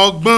ọgbọ́n